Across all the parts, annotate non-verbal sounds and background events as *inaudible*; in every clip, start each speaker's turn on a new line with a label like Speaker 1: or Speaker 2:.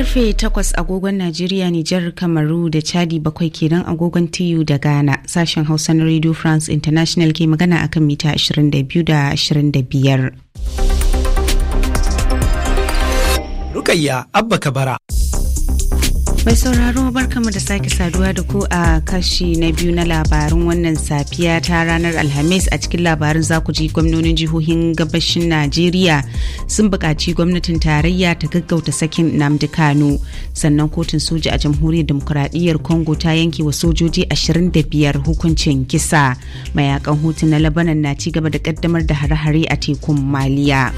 Speaker 1: Karfe 8 agogon Najeriya, Nijar, Kamaru da Chadi bakwai kenan agogon TU da Ghana. Sashen Hausa na Radio France International ke magana akan mita 22 da 25.
Speaker 2: Rukayya Abba Kabara.
Speaker 1: Mai sauraro barkamu da sake saduwa da ku a kashi na biyu na labarin wannan safiya ta ranar Alhamis a cikin labarin za ku ji gwamnonin jihohin gabashin Najeriya sun buƙaci gwamnatin tarayya ta gaggauta sakin Nnamdi Kano. Sannan kotun soja a jamhuriyar demokuraɗiyyar Congo ta yanke wa sojoji 25 hukuncin kisa. Mayakan hutu na Labanan na ci gaba da ƙaddamar da hare-hare a tekun Maliya.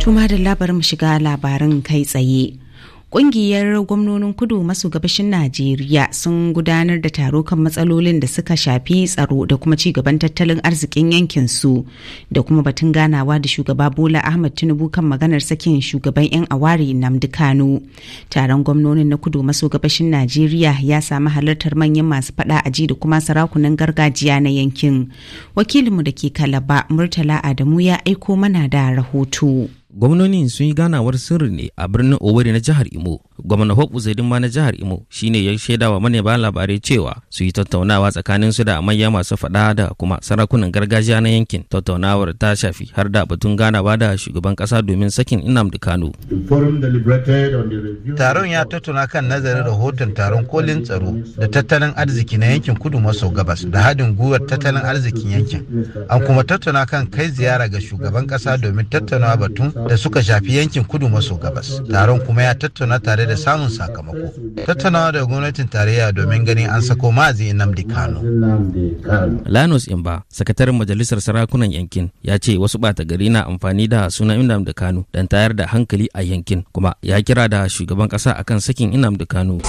Speaker 1: Tuma da labarin shiga labarin kai tsaye. Ƙungiyar gwamnonin kudu masu gabashin Najeriya sun gudanar da taro kan matsalolin da suka shafi tsaro da kuma ci gaban tattalin arzikin yankin su da kuma batun ganawa da shugaba Bola Ahmad Tinubu kan maganar sakin shugaban 'yan awari Namdi Kano. Taron gwamnonin na kudu maso gabashin Najeriya ya sami halartar manyan masu faɗa a ji da kuma sarakunan gargajiya na yankin. Wakilinmu da ke Kalaba Murtala Adamu ya aiko mana da rahoto.
Speaker 2: gwamnonin sun yi ganawar sirri ne a birnin owerri na jihar imo gwamna hope uzaidin ma na jihar imo shine ya shaida wa ba labarai cewa su yi tattaunawa tsakanin su da manya masu faɗa da kuma sarakunan gargajiya na yankin tattaunawar ta shafi har da batun ganawa da shugaban kasa domin sakin inam kano
Speaker 3: taron ya
Speaker 4: tattauna kan nazarin rahoton taron kolin tsaro da tattalin arziki na yankin kudu maso gabas da haɗin gwiwar tattalin arzikin yankin an kuma tattauna kan kai ziyara ga shugaban kasa domin tattaunawa batun da suka shafi yankin kudu maso gabas taron kuma ya tattauna tare da samun sakamako tattaunawa da gwamnatin tarayya domin ganin an sako mazi namdi kano
Speaker 2: lanus imba sakataren majalisar sarakunan yankin ya ce wasu bata gari na amfani da sunan inamdi kano don tayar da hankali a yankin kuma ya kira da shugaban kasa akan sakin inamdi kano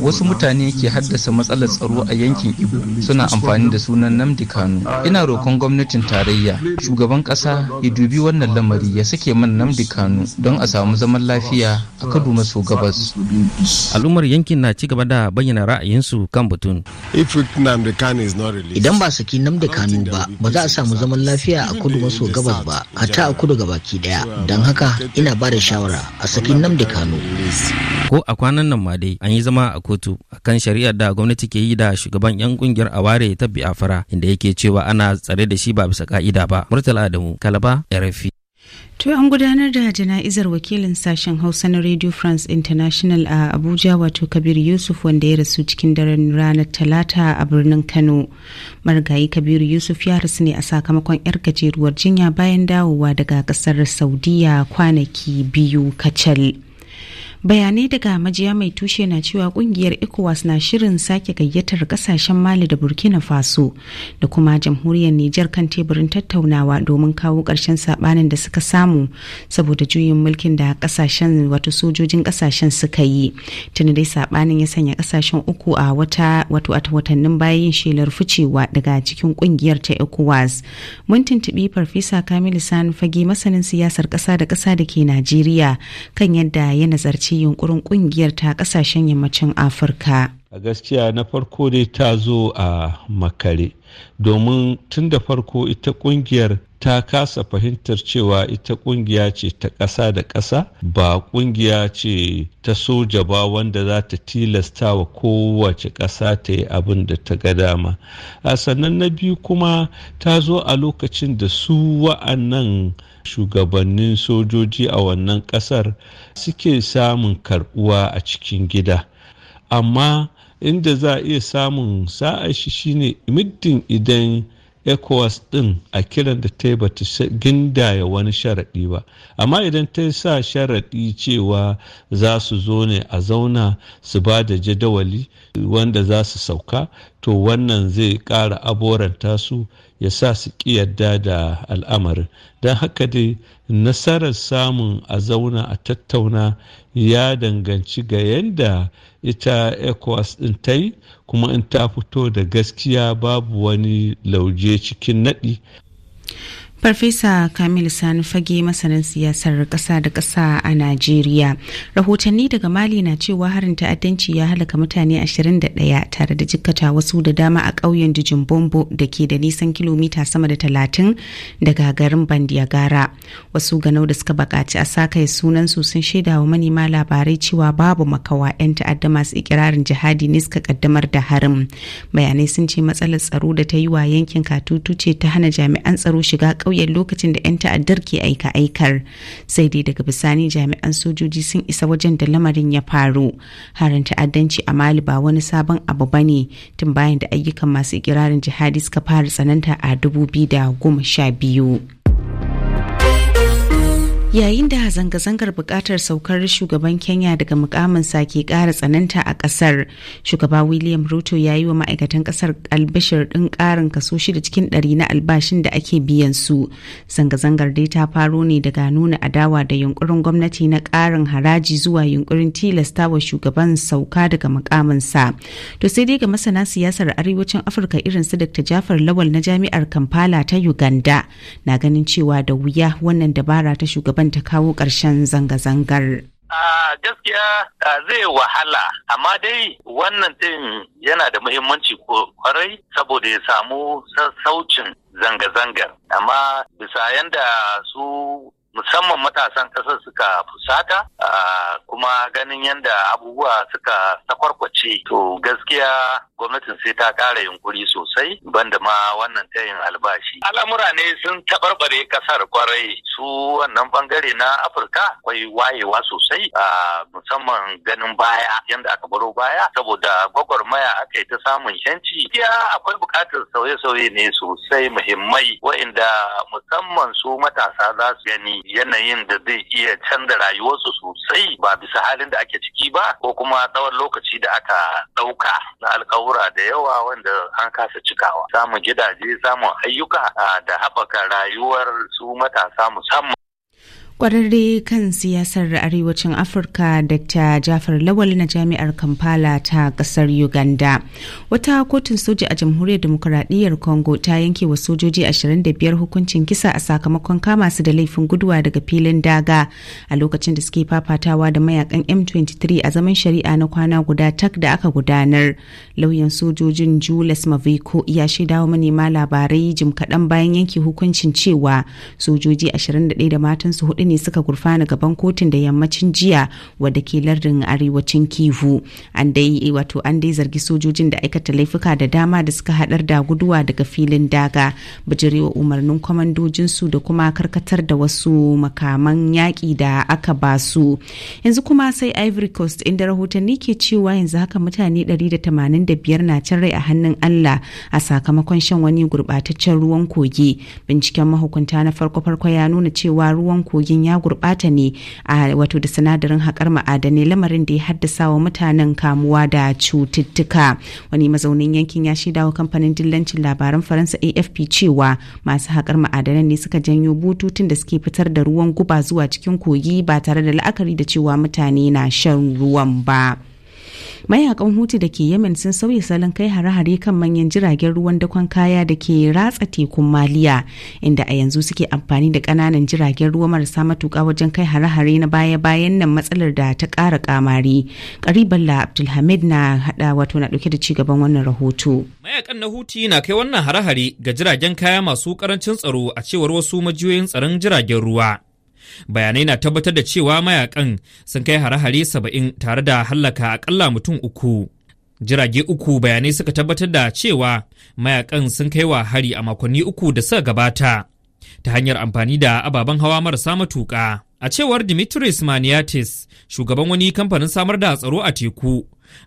Speaker 2: wasu mutane ke haddasa matsalar tsaro a yankin ibo suna amfani da sunan namdi kano ina roƙon gwamnatin tarayya shugaban kasa ya dubi wannan lamari ya sake man namdi kano don a samu zaman lafiya lafiya a kadu maso gabas al'ummar yankin na ci gaba da bayyana ra'ayinsu kan batun idan ba saki nam da kanu ba ba za a samu zaman lafiya a kudu maso gabas ba hata a kudu gabaki daya don haka ina ba da shawara a saki nam da kanu ko a kwanan nan ma dai an yi zama a kotu akan shari'ar da gwamnati ke yi da shugaban yan kungiyar aware ta biafra inda yake cewa ana tsare da shi ba bisa ka'ida ba murtala adamu kalaba rfi
Speaker 1: To an gudanar da jana'izar wakilin sashen Hausa na Radio France International a Abuja wato Kabir Yusuf wanda ya rasu cikin daren ranar Talata a birnin Kano. Margayi Kabir Yusuf ya rasu ne a sakamakon yar gajeruwar jinya bayan dawowa daga kasar Saudiya kwanaki biyu kacal. bayanai daga majiya mai tushe na cewa kungiyar ecowas na shirin sake gayyatar kasashen mali da burkina faso da kuma jamhuriyar nijar kan teburin tattaunawa domin kawo ƙarshen sabanin da suka samu saboda juyin mulkin da kasashen wato sojojin kasashen suka yi tuni dai sabanin ya sanya kasashen uku a wata wato a watannin bayan shelar ficewa daga cikin kungiyar ta ecowas mun tuntubi farfesa kamilu sani fage masanin siyasar kasa da ƙasa da ke najeriya kan yadda ya nazarci ce yunkurin kungiyar ta kasashen yammacin afirka
Speaker 5: a gaskiya na farko dai ta zo a makare domin tun da farko ita kungiyar ta kasa fahimtar cewa ita kungiya ce ta ƙasa da ƙasa ba kungiya ce ta soja ba wanda za ta tilasta wa kowace ƙasa ta yi abin da ta ga dama a sannan na biyu kuma ta zo a lokacin da su wa'annan shugabannin sojoji a wannan kasar suke samun karbuwa a cikin gida amma inda za a iya samun sa'a shi shine muddin idan ecowas din a kiran da ta yi ba bata gindaya wani sharaɗi ba amma idan ta yi sa sharaɗi cewa za su zo ne a zauna su ba da jadawali wanda za su sauka to wannan zai ƙara aboranta su ya sa su yarda da al'amarin don haka dai nasarar samun a zauna a tattauna ya danganci ga yadda ita ecowas din ta yi kuma in ta fito da gaskiya babu wani lauje cikin naɗi
Speaker 1: Farfesa Kamil Sani fage masanin siyasar ƙasa da ƙasa a Najeriya. Rahotanni daga Mali na cewa harin ta'addanci ya halaka mutane 21 tare da jikkata wasu da dama a ƙauyen Bombo da ke da nisan kilomita sama da 30 daga garin Bandiagara. Wasu ganau da suka bakaci a kai sunan su sun shaida wa manema labarai cewa babu makawa 'yan ta'adda masu ikirarin jihadi ne suka kaddamar da harin. Bayanai sun ce matsalar tsaro da ta yi wa yankin Katutu ce ta hana jami'an tsaro shiga ƙauyen lokacin da 'yan ta'addar ke aika-aikar sai dai daga bisani jami'an sojoji sun isa wajen da lamarin ya faru harin ta'addanci a mali ba wani sabon abu ba ne tun bayan da ayyukan masu ikirarin jihadi suka fara tsananta a 2012 yayin da zanga-zangar bukatar saukar shugaban kenya daga mukaminsa ke kara tsananta a kasar shugaba william ruto ya yi wa ma'aikatan kasar albishir ɗin karin kaso shida cikin ɗari na albashin da ake biyan su zanga-zangar dai ta faro ne daga nuna adawa da yunkurin gwamnati na ƙarin haraji zuwa yunkurin tilasta wa shugaban sauka daga mukaminsa to sai dai ga masana siyasar arewacin afirka irin su dr jafar lawal na jami'ar kampala ta uganda na ganin cewa da wuya wannan dabara ta shugaban gaban ta kawo ƙarshen zanga-zangar. A
Speaker 3: gaskiya zai wahala, amma dai wannan ɗin yana da muhimmanci kwarai saboda ya samu sassaucin zanga-zangar. Amma bisa yanda su musamman matasan ƙasar suka fusata kuma ganin yadda abubuwa suka sakwarkwace to gaskiya gwamnatin sai ta ƙara yunkuri sosai banda ma wannan tayin albashi al'amura ne sun taɓarɓare ƙasar kwarai su wannan bangare na afirka akwai wayewa sosai a musamman ganin baya yadda aka baro baya saboda gwagwarmaya aka yi ta samun yanci ya akwai buƙatar sauye-sauye ne sosai muhimmai wa'inda musamman su matasa za su gani yanayin da zai iya canza rayuwarsu sosai ba bisa halin da ake ciki ba ko kuma tsawon lokaci da aka ɗauka na alkawura da yawa wanda an kasa cikawa samun gidaje samun ayyuka da haɓaka rayuwar su matasa musamman
Speaker 1: kwararre kan siyasar arewacin afirka dr jafar lawal na jami'ar kampala ta ƙasar uganda wata kotun soja a jamhuriyar demokuraɗiyyar congo ta yanke wa sojoji 25 hukuncin kisa a sakamakon kama su da laifin guduwa daga filin daga a lokacin da suke fafatawa da mayakan m23 a zaman shari'a na kwana guda tak da aka gudanar lauyan sojojin julius maviko ya shaida wa manema labarai jim kaɗan bayan yanke hukuncin cewa sojoji 21 da matansu hudu ne suka gurfana gaban kotun da yammacin jiya wadda ke lardin arewacin kivu an dai wato an dai zargi sojojin da aika. aikata laifuka da dama da suka haɗar da guduwa daga filin daga bijirewa umarnin su da kuma karkatar da wasu makaman yaƙi da aka ba su yanzu kuma sai ivory coast inda rahotanni ke cewa yanzu haka mutane 185 na can rai a hannun allah a sakamakon shan wani gurbataccen ruwan kogi binciken mahukunta na farko-farko ya nuna cewa ruwan kogin ya gurɓata ne a wato da sinadarin haƙar ma'adanai lamarin da ya haddasa wa mutanen kamuwa da cututtuka wani mazaunin yankin ya shaidawa kamfanin dillancin labaran faransa afp cewa masu haƙar ma'adanan ne suka janyo bututun da suke fitar da ruwan guba zuwa cikin kogi ba tare da la'akari da cewa mutane na shan ruwan ba. mayakan hutu da ke yamen sun sauya salon kai hare-hare kan manyan jiragen ruwan dakon kaya da ke ratsa tekun maliya inda a yanzu suke amfani da kananan jiragen ruwa marasa matuka wajen kai hare-hare na baya-bayan nan matsalar da ta kara kamari kariballa abdulhamid na hada wato na dauke da ci gaban wannan rahoto
Speaker 6: mayakan na huti na kai wannan hare-hare ga jiragen kaya masu karancin tsaro a cewar wasu majiyoyin tsaron jiragen ruwa bayanai na tabbatar da cewa mayakan sun kai hare-hare saba'in tare da hallaka akalla mutum uku jirage uku bayanai suka tabbatar da cewa mayakan sun kai wa hari a makonni uku da suka gabata ta hanyar amfani da ababen hawa marasa matuƙa a cewar dimitris maniatis shugaban wani kamfanin samar da tsaro a teku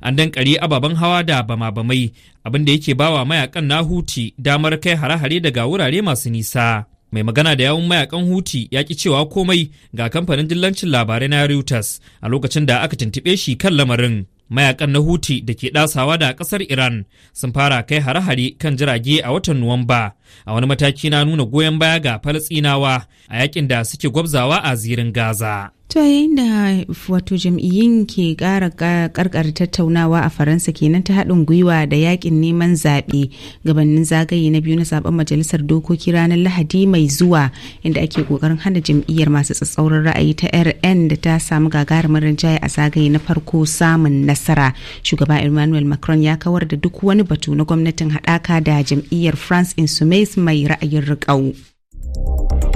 Speaker 6: an kare ababen hawa da bama-bamai abinda yake bawa mayakan na huti damar kai hare-hare daga wurare masu nisa mai magana da yawun mayakan huti ya ki cewa komai ga kamfanin dillancin labarai na reuters a lokacin da aka tuntuɓe shi kan lamarin mayakan na huti da ke ɗasawa da ƙasar iran sun fara kai hare-hare kan jirage a watan nuwamba a wani mataki na nuna goyon baya ga falasinawa a yakin da suke gwabzawa a zirin gaza
Speaker 1: To yayin da wato jam'iyyun ke kara ƙarƙar tattaunawa a Faransa kenan ta haɗin gwiwa da yakin neman zaɓe gabanin zagaye na biyu na zaben majalisar dokoki ranar Lahadi mai zuwa inda ake ƙoƙarin hana jam'iyyar masu tsatsauran ra'ayi ta RN da ta samu gagarumin rinjaye a zagaye na farko samun nasara. Shugaba Emmanuel Macron ya kawar da duk wani batu na gwamnatin haɗaka da jam'iyyar France Insoumise mai ra'ayin riƙau.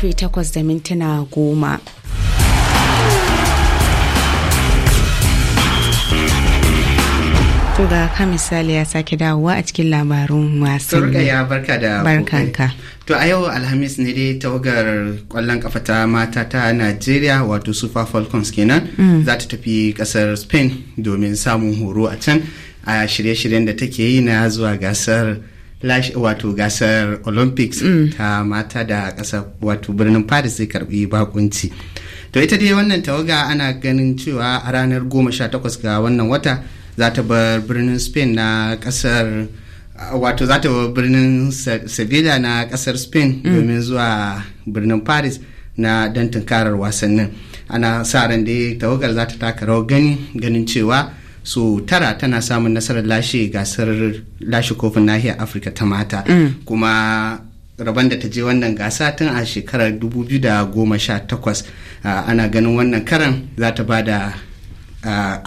Speaker 1: karfe takwas da mintuna goma ga ka misali ya sake dawowa a cikin labarun wasanni. ya barka da barkanka.
Speaker 4: To a yau Alhamis ne dai tawagar kwallon kafa ta mata ta Najeriya wato Super Falcons kenan mm. za ta tafi kasar Spain domin samun horo a can a shirye-shiryen da take yi na zuwa gasar wato gasar olympics mm. ta mata da kasar wato birnin paris zai karbi bakunci to ita dai wannan tawaga ana ganin cewa a ranar 18 ga wannan wata za ta bar birnin spain na kasar wato za ta bar birnin sevilla na kasar spain mm. domin zuwa birnin paris na don tunkarar wasannin ana sa ran dai tawagar za ta taka rawar gani ganin cewa so tara tana samun nasarar lashe gasar lashe kofin nahiyar afirka ta mata mm. kuma rabon da ta je wannan gasa tun a shekarar 2018 ana ganin wannan karan za ta ba da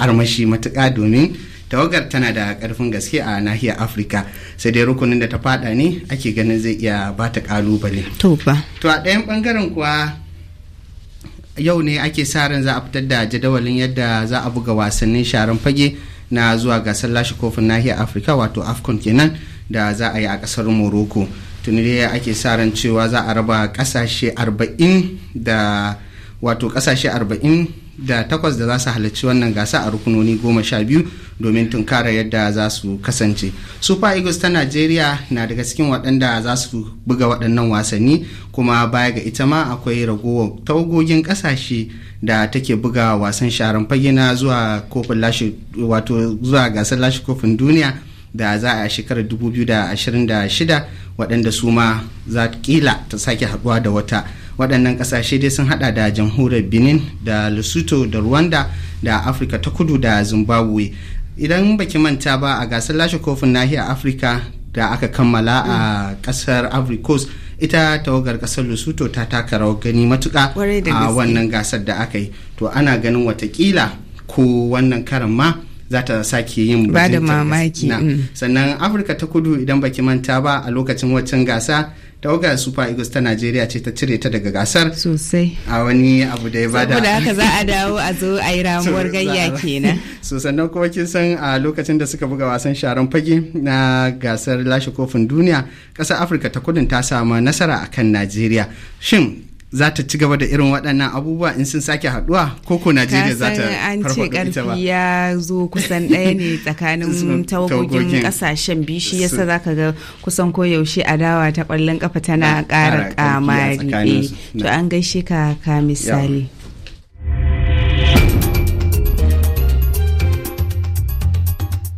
Speaker 4: armashi matuka, domin tawagar tana da ƙarfin gaske a nahiyar afirka sai dai rukunin da ta fada ne ake ganin zai iya ba ta ƙalubale to a ɗayan ɓangaren kuwa yau ne ake sa ran za a fitar da jadawalin yadda za a buga wasannin sharan fage na zuwa gasar lashe kofin nahiyar afirka wato afcon kenan da za a yi a kasar morocco tuni dai ake sa ran cewa za a raba kasashe arba'in da wato kasashe arba'in da takwas da za su halarci wannan gasa a rukunoni goma sha biyu domin tunkara yadda za su kasance super eagles ta najeriya na daga cikin waɗanda za su buga waɗannan wasanni kuma baya ga ita ma akwai ragowar tawagogin ƙasashe da take buga wasan sharan fage na zuwa kofin lashe wato zuwa gasar lashe kofin duniya da za a shekarar 2026 waɗanda su ma za kila ta sake haɗuwa da wata waɗannan ƙasashe dai sun haɗa da jamhuriyar benin da lesotho da rwanda da afirka ta kudu da zimbabwe idan baki manta ba a gasar lashe kofin nahiyar afirka da aka kammala a ƙasar ivory coast ita tawagar ƙasar lesotho ta taka rawar gani matuka a wannan gasar da aka yi to ana ganin watakila ko wannan karan ma za ta sake yin ba da mamaki mm. sannan afirka ta kudu idan baki manta ba a lokacin waccan gasa tawagar super eagles ta nigeria ce ta cire ta daga gasar sosai a wani abu da ya bada saboda haka za a dawo
Speaker 1: a zo a yi *laughs* ramuwar gayya kenan
Speaker 4: *laughs* so sannan kuma kin san a lokacin da suka buga wasan sharan fage na gasar lashe kofin duniya ƙasar afirka ta kudin ta samu nasara akan nigeria shin za ta ci gaba da irin waɗannan abubuwa in sun sake haɗuwa ko ko Najeriya za ta an ce karfi
Speaker 1: ya zo kusan ɗaya ne *laughs* tsakanin tawagogin ƙasashen biyu shi yasa za ka ga kusan koyaushe adawa ta ƙwallon ƙafa tana ƙara ƙamari. Eh, to an gaishe ka ka misali.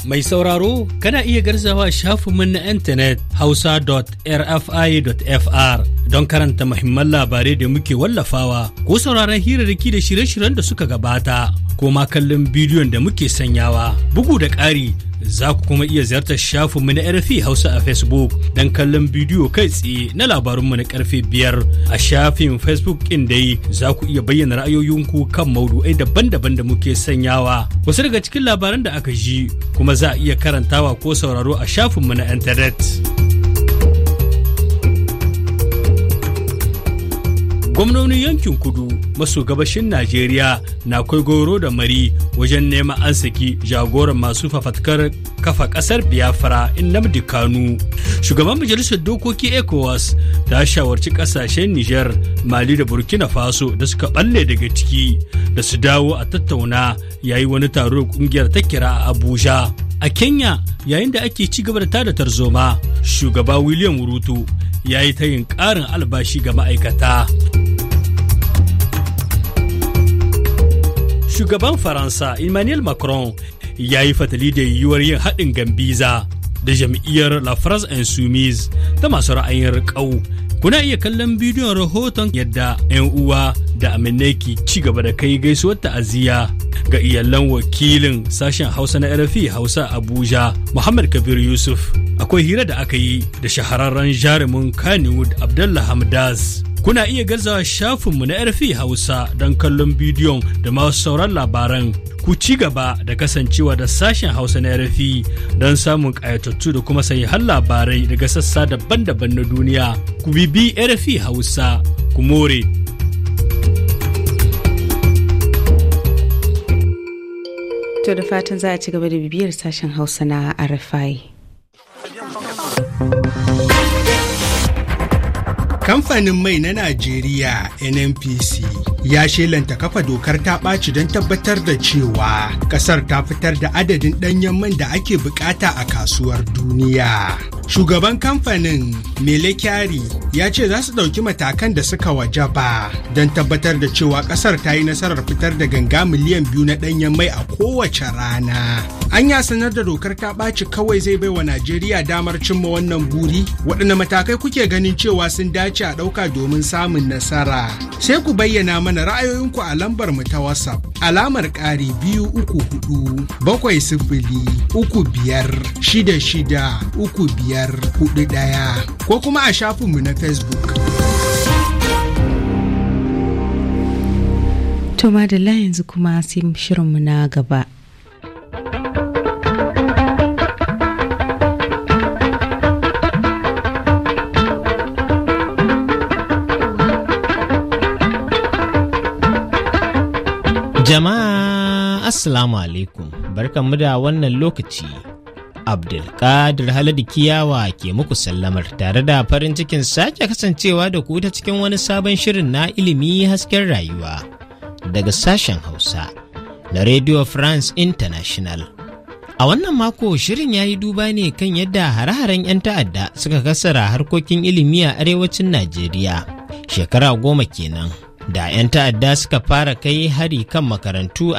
Speaker 1: Mai sauraro kana
Speaker 7: iya garzawa shafinmu na intanet hausa.rfi.fr don karanta mahimman labarai da muke wallafawa ko sauraron hirarraki da shirye-shiryen da suka gabata ko ma kallon bidiyon da muke sanyawa bugu da ƙari za ku kuma iya ziyartar shafinmu na rfi hausa a facebook don kallon bidiyo kai tsaye na labarunmu na karfe biyar a shafin facebook ɗin dai za ku iya bayyana ra'ayoyinku kan maudu'ai daban-daban da muke sanyawa wasu daga cikin labaran da aka ji kuma za a iya karantawa ko sauraro a shafinmu na intanet. gwamnonin yankin kudu maso gabashin najeriya na kai goro da mari wajen neman an saki jagoran masu fafatkar kafa kasar biafra nnamdi kanu shugaban majalisar dokoki ecowas ta shawarci kasashen niger mali da burkina faso da suka balle daga ciki da su dawo a tattauna yayi wani taro da kungiyar ta kira a abuja a kenya yayin da ake ci gaba da tada tarzoma shugaba william ruto ya yi tayin ƙarin albashi ga ma'aikata shugaban faransa emmanuel macron ya yi fatali da yiwuwar yin haɗin gambiza da jam'iyyar la france insoumise ta masu ra'ayin riƙau kuna iya kallon bidiyon rahoton yadda 'yan uwa da aminai ke ci gaba da kai gaisuwar ta'aziyya ga iyalan wakilin sashen hausa na rfi hausa abuja muhammad kabir yusuf akwai hira da aka yi da shahararren jarumin kannywood abdullah hamdas Kuna iya gazawa shafinmu na RFI Hausa don kallon bidiyon da masu sauran labaran. Ku ci gaba da kasancewa da sashen Hausa na RFI don samun ƙayatattu da kuma har labarai daga sassa daban-daban na duniya. Ku bibi RFI Hausa, ku more.
Speaker 1: To da fatan za a ci gaba da bibiyar sashen Hausa na RFI.
Speaker 4: Kamfanin
Speaker 7: mai na Najeriya NNPC ya shelanta kafa dokar ta ɓaci don tabbatar da cewa ƙasar ta fitar da adadin ɗanyen man da ake bukata a kasuwar duniya. Shugaban kamfanin Mele Kyari ya ce za su ɗauki matakan da suka wajaba don tabbatar da cewa ƙasar ta yi nasarar fitar da ganga miliyan biyu na ɗanyen mai a kowace rana. An ya sanar da dokar ta ɓaci kawai zai baiwa Najeriya damar cimma wannan buri waɗanne matakai kuke ganin cewa sun dace dace a ɗauka domin samun nasara. Sai ku bayyana mana ra'ayoyinku a lambar mu ta WhatsApp. Alamar ƙari biyu uku hudu bakwai sifili uku biyar shida shida uku biyar hudu ɗaya ko kuma a shafinmu na Facebook.
Speaker 1: Tuma da yanzu kuma sai shirinmu na gaba.
Speaker 2: Jama'a Assalamu alaikum barkanmu da wannan lokaci. Abdulkadir Haladu Kiyawa ke muku sallamar tare da farin cikin sake kasancewa da ku ta cikin wani sabon shirin na ilimi hasken rayuwa daga sashen Hausa na Radio France International. A wannan mako shirin ya yi duba ne kan yadda hare-haren 'yan ta'adda suka kasara harkokin ilimi a arewacin Najeriya
Speaker 5: shekara goma kenan. da 'yan ta'adda suka fara kai hari kan makarantu